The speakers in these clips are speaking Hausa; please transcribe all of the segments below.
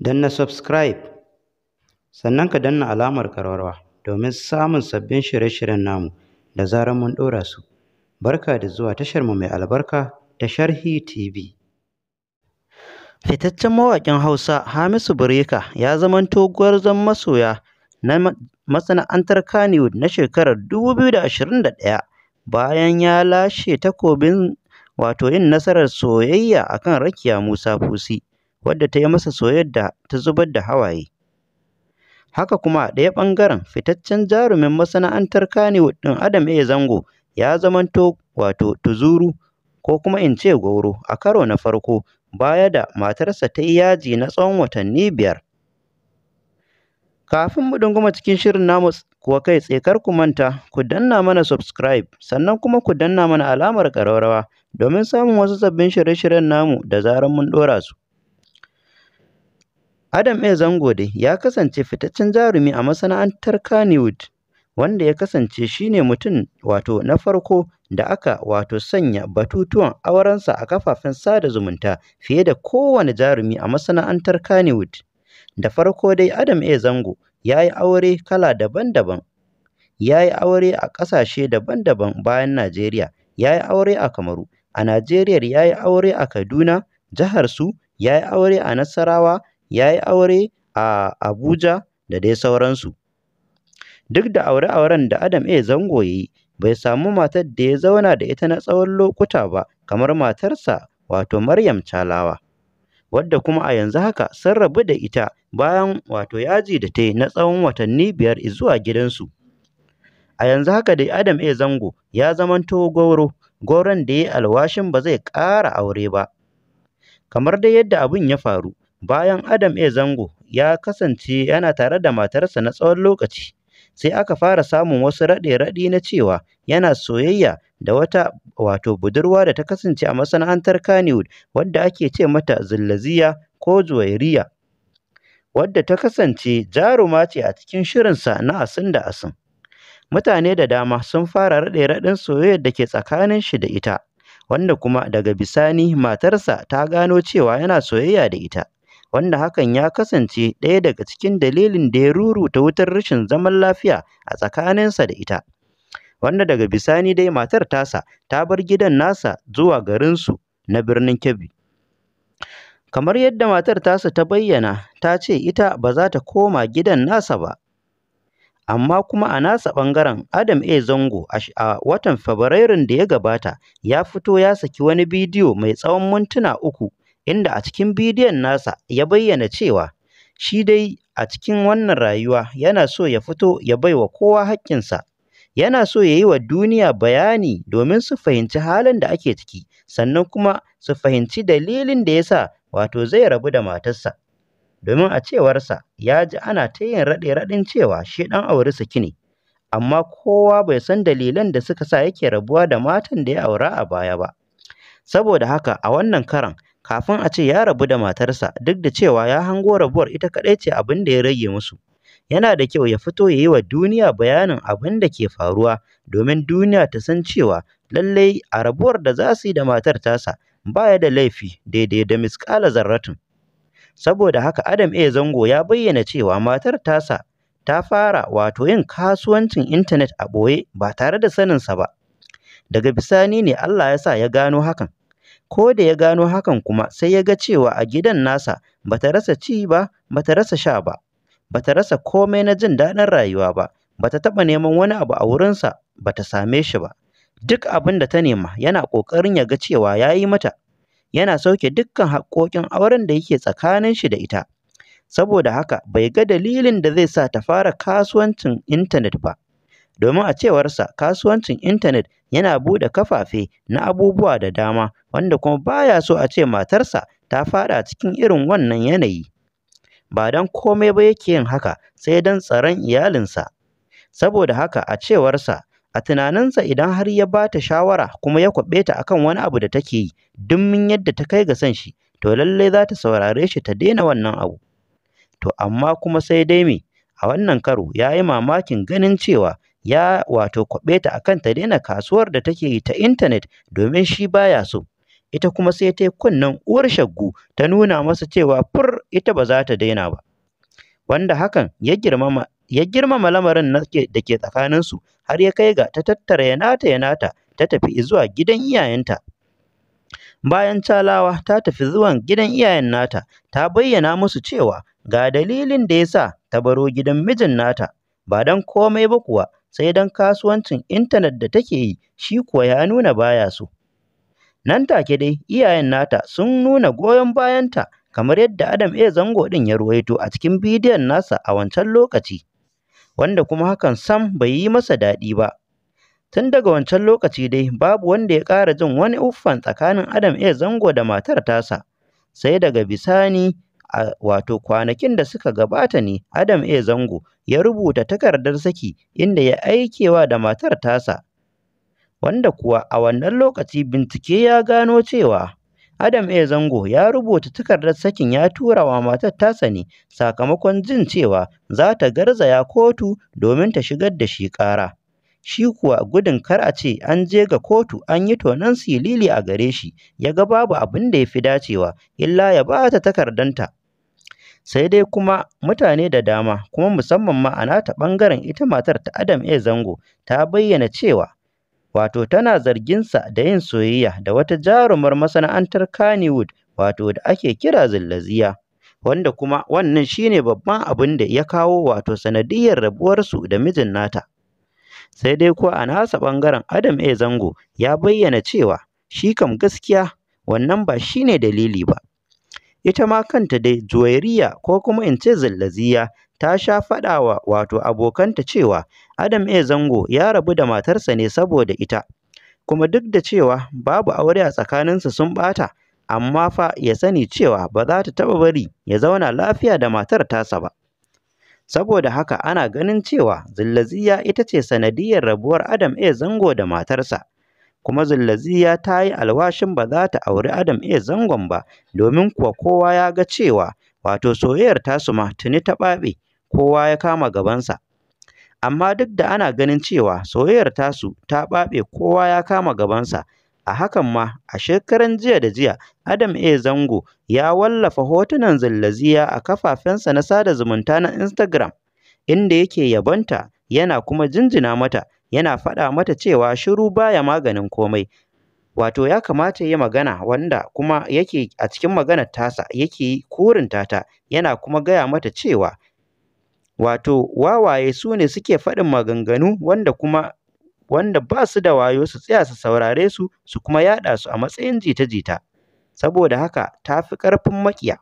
na subscribe sannan ka danna alamar karwarwa domin samun sabbin shirye-shiryen namu da zarar mun ɗora su barka da zuwa tashar mu mai albarka ta sharhi tv fitaccen mawaƙin hausa hamisu bureka ya zamanto gwarzon masoya na masana'antar kannywood na shekarar 2021 bayan ya lashe takobin wato yin nasarar soyayya akan rakiya musa fusi wadda ta yi masa soyayyar da ta zubar da hawaye. Haka kuma a ɗaya ɓangaren fitaccen jarumin masana'antar Kanywood ɗin Adam A. Zango ya zamanto wato tuzuru ko kuma in ce goro a karo na farko baya da matarsa ta yi yaji na tsawon watanni biyar. Kafin mu dunguma cikin shirin namu kuwa kai tsaye ku manta ku danna mana subscribe sannan kuma ku danna mana alamar ƙararrawa domin samun wasu sabbin shirye-shiryen namu da zarar mun ɗora su. Adam A. Zango dai ya kasance fitaccen jarumi a masana'antar Kannywood, wanda ya kasance shi ne mutum wato na farko da aka wato sanya batutuwan aurensa a kafafen sada zumunta fiye da kowane jarumi a masana'antar Kannywood. Da farko dai Adam A. Zango ya yi aure kala daban-daban. Ya yi aure a ƙasashe daban-daban bayan Najeriya, ya yi aure a Kamaru, a Najeriyar ya yi aure a Kaduna, jihar su, ya yi aure a Nasarawa. ya yi aure a Abuja da dai sauransu. Duk da aure-auren da Adam A. Zango ya yi, bai samu matar da ya zauna da ita na tsawon lokuta ba kamar matarsa wato Maryam Chalawa, wadda kuma a yanzu haka sun rabu da ita bayan wato yaji da ta yi na tsawon watanni biyar zuwa gidansu. A yanzu haka dai Adam A. Zango ya zamanto gauro gauron da ya yi alwashin ba zai ƙara aure ba. Kamar dai yadda abin ya faru, Bayan Adam A. Zango ya kasance yana tare da matarsa na tsawon lokaci, sai aka fara samun wasu raɗe-raɗi na cewa yana soyayya da wata wato budurwa da ta kasance a masana'antar Kannywood wadda ake ce mata Zillaziya ko Juwairiya, wadda ta kasance jaruma ce a cikin shirinsa na Asin da Asin. Mutane da dama sun fara raɗe-raɗin soyayyar da ke tsakanin shi da ita, wanda kuma daga bisani matarsa ta gano cewa yana soyayya da ita. wanda hakan ya kasance ɗaya daga cikin dalilin da ya ruruta wutar rashin zaman lafiya a tsakaninsa da ita. Wanda daga bisani dai matar tasa ta bar gidan nasa zuwa garinsu na birnin Kebbi. Kamar yadda matar tasa ta bayyana, ta ce ita ba za ta koma gidan nasa ba. amma kuma a nasa ɓangaren Adam A. Zango a watan Fabrairun da ya gabata ya fito ya saki wani bidiyo mai tsawon mintuna uku inda a cikin bidiyon nasa ya bayyana cewa shi dai a cikin wannan rayuwa yana so ya fito ya bai wa kowa haƙƙinsa, yana so ya yi wa duniya bayani domin su fahimci halin da ake ciki sannan kuma su fahimci dalilin da ya sa wato zai rabu da matarsa. Domin a cewarsa ya ji ana ta yin raɗe-raɗin cewa shi ɗan auri saki ne, amma kowa bai san dalilan da suka sa yake rabuwa da matan da ya aura a baya ba. Saboda haka a wannan karan. kafin a ce ya rabu da matarsa duk da cewa ya hango rabuwar ita kaɗai ce abin da ya rage musu. Yana da kyau ya fito ya yi wa duniya bayanin abin da ke faruwa domin duniya ta san cewa lallai a rabuwar da za su yi da matar tasa ba ya da laifi daidai da miskala zarratun. Saboda haka Adam A. Zango ya bayyana cewa matar tasa ta fara wato yin kasuwancin intanet a ɓoye ba tare da saninsa ba. Daga bisani ne Allah ya sa ya gano hakan. Ko da ya gano hakan kuma sai ya ga cewa a gidan nasa ba ta rasa ci ba, ba ta rasa sha ba, ba ta rasa komai na jin daɗin rayuwa ba, ba ta taɓa neman wani abu a wurinsa ba ta same shi ba. Duk abin da ta nema yana ƙoƙarin ya ga cewa ya yi mata. Yana sauke dukkan haƙƙoƙin auren da yake tsakanin shi da ita. Saboda haka bai ga dalilin da zai sa ta fara kasuwancin intanet ba. Domin a cewarsa kasuwancin intanet yana buɗe kafafe na abubuwa da dama wanda kuma ba ya so a ce matarsa ta faɗa cikin irin wannan yanayi. Ba don komai ba yake yin haka sai don tsaron iyalinsa. Saboda haka a cewarsa, a tunaninsa idan har ya ba ta shawara kuma ya kwaɓe ta a wani abu da take yi dummin yadda ta kai ga son shi, to lallai za ta saurare shi ta daina wannan abu. To amma kuma sai dai me, a wannan karo ya yi mamakin ganin cewa ya wato kwaɓe ta akan ta daina kasuwar da take yi ta intanet domin shi baya ya so. Ita kuma sai ta yi kunnen uwar shaggu ta nuna masa cewa fur ita ba za ta daina ba. Wanda hakan ya girmama ya girmama lamarin da ke tsakaninsu har ya kai ga ta tattara ya nata ya nata ta tafi zuwa gidan iyayenta. Bayan Calawa ta tafi zuwan gidan iyayen nata ta bayyana musu cewa ga dalilin da ya sa ta baro gidan mijin nata ba don komai ba kuwa sai don kasuwancin intanet da take yi shi kuwa ya nuna baya ya so. Nan take dai iyayen nata sun nuna goyon bayanta kamar yadda Adam A. Zango ɗin ya ruwaito a cikin bidiyon nasa a wancan lokaci, wanda kuma hakan sam bai yi masa daɗi ba. Tun daga wancan lokaci dai babu wanda ya ƙara jin wani uffan tsakanin Adam A. Zango da matar tasa, sai daga bisani a wato kwanakin da suka gabata ne Adam A. Zango ya rubuta takardar saki inda ya aikewa da matar tasa. Wanda kuwa a wannan lokaci bincike ya gano cewa Adam A. Zango ya rubuta takardar sakin ya tura wa matar tasa ne sakamakon jin cewa za ta garzaya kotu domin ta shigar da shi ƙara. Shi kuwa gudun kar a ce an je ga kotu an yi tonon silili a gare shi, ya ga babu abin ya fi dacewa, illa ya ba ta takardanta Sai dai kuma mutane da dama kuma musamman ma a nata ɓangaren ita matar ta Adam A. Zango ta bayyana cewa, wato tana zarginsa da yin soyayya da wata jarumar masana'antar Kannywood wato da ake kira Zillaziya, wanda kuma wannan shine babban abin da ya kawo wato sanadiyyar rabuwarsu da mijin nata. Sai dai kuwa a nasa ɓangaren Adam A. Zango ya bayyana cewa, shi kam gaskiya wannan ba shine dalili ba. Ita ma kanta dai Joêria ko kuma in ce zallaziya ta sha faɗawa wato abokanta cewa Adam A. Zango ya rabu da matarsa ne saboda ita, kuma duk da cewa babu aure a tsakaninsu sun ɓata, amma fa ya sani cewa ba za ta taɓa bari ya zauna lafiya da matar tasa ba. Saboda haka ana ganin cewa zillaziya ita ce sanadiyyar rabuwar Adam A. Zango da matarsa. Kuma zillaziya ta yi alwashin ba za ta auri Adam iya Zangon ba, domin kuwa kowa ya ga cewa, wato soyayyar tasu ma tuni ta ɓaɓe, kowa ya kama gabansa. Amma duk da ana ganin cewa soyayyar tasu ta ɓaɓe kowa ya kama gabansa, a hakan ma a shekaran jiya da jiya Adam A. Zango ya wallafa hotunan zillaziya a kafafensa na sada zumunta na Instagram, inda yake yabonta yana kuma jinjina mata yana faɗa mata cewa shiru baya maganin komai, wato ya kamata ya yi magana wanda kuma yake a cikin maganar tasa yake korinta ta yana kuma gaya mata cewa wato wawaye su ne suke faɗin maganganu wanda kuma wanda ba su da wayo su tsaya su saurare su su kuma yaɗa su a matsayin jita-jita. Saboda haka ta fi ƙarfin maƙiya.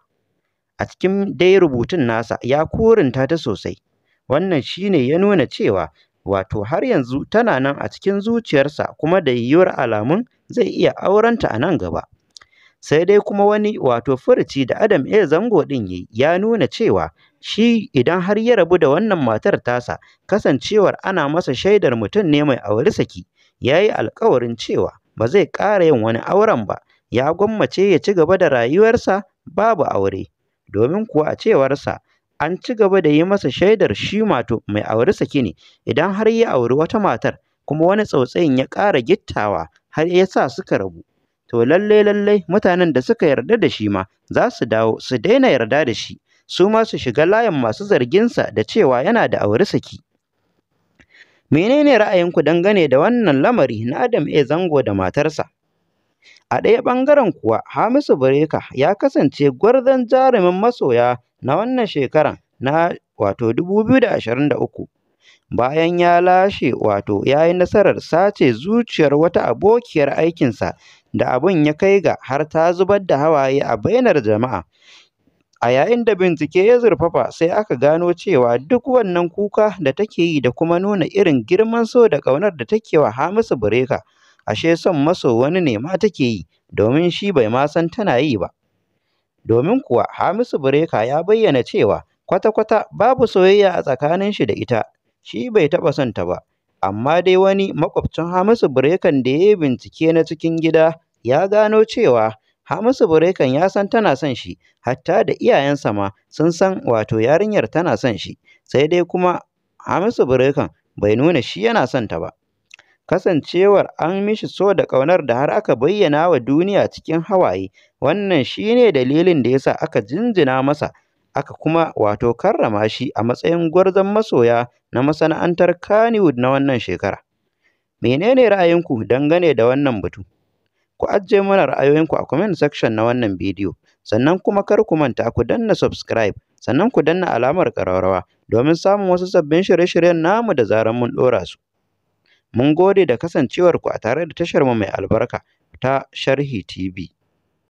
A cikin dai rubutun nasa ya korinta ta sosai. Wannan shi ne ya nuna cewa wato har yanzu tana nan a cikin zuciyarsa kuma da yiwuwar alamun zai iya aurenta a nan gaba. Sai dai kuma wani wato furuci da Adam A. Zango ɗin ya yi ya nuna cewa shi idan har ya rabu da wannan matar tasa kasancewar ana masa shaidar mutum ne mai auri saki, ya yi alkawarin cewa ba zai ƙara yin wani auren ba, ya gwammace ya ci gaba da rayuwarsa babu aure. Domin kuwa a cewarsa an ci gaba da yi masa shaidar shi mato mai auri saki ne idan har ya auri wata matar kuma wani tsautsayin ya ƙara gittawa har ya sa suka rabu. To lalle lalle mutanen da suka yarda da shi ma za su dawo su daina yarda da shi su ma su shiga layin masu zarginsa da cewa yana da auri saki. Menene ra'ayinku dangane da wannan lamari na Adam A. Zango da matarsa? A ɗaya ɓangaren kuwa Hamisu Bureka ya kasance gwarzon jarumin masoya na wannan shekarar na wato 2023, bayan ya lashe wato ya yi nasarar sace zuciyar wata abokiyar aikinsa da abin ya kai ga har ta zubar da hawaye a bainar jama'a. A yayin da bincike ya zurfafa sai aka gano cewa duk wannan kuka da take yi da kuma nuna irin girman so da ƙaunar da take wa Hamisu Bureka, ashe son maso wani ne ma take yi, domin shi bai ma san tana yi ba. domin kuwa Hamisu bureka ya bayyana cewa kwata-kwata babu soyayya a tsakanin shi da ita, shi bai taɓa son ta ba. Amma dai wani makwabcin Hamisu burekan da ya yi bincike na cikin gida ya gano cewa Hamisu burekan ya san tana son shi, hatta da iyayensa ma sun san wato yarinyar tana son shi, sai dai kuma Hamisu burekan bai nuna shi yana son ta ba. Kasancewar an mishi so da ƙaunar da har aka bayyana wa duniya cikin hawaye, Wannan shi ne dalilin da ya sa aka jinjina masa aka kuma wato karrama shi a matsayin gwarzon masoya na masana'antar Kannywood na wannan shekara. Menene ne ra'ayinku dangane da wannan batu? Ku ajiye mana ra'ayoyinku a comment section na wannan bidiyo, sannan kuma kar ku manta ku danna subscribe, sannan ku danna alamar ƙararrawa domin samun wasu sabbin shirye-shiryen namu da zarar mun ɗora su. Mun gode da kasancewarku a tare da tashar mu mai albarka ta Sharhi TV.